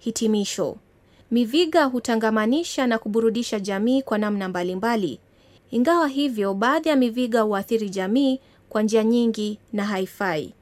Hitimisho: miviga hutangamanisha na kuburudisha jamii kwa namna mbalimbali. Ingawa hivyo, baadhi ya miviga huathiri jamii kwa njia nyingi na haifai.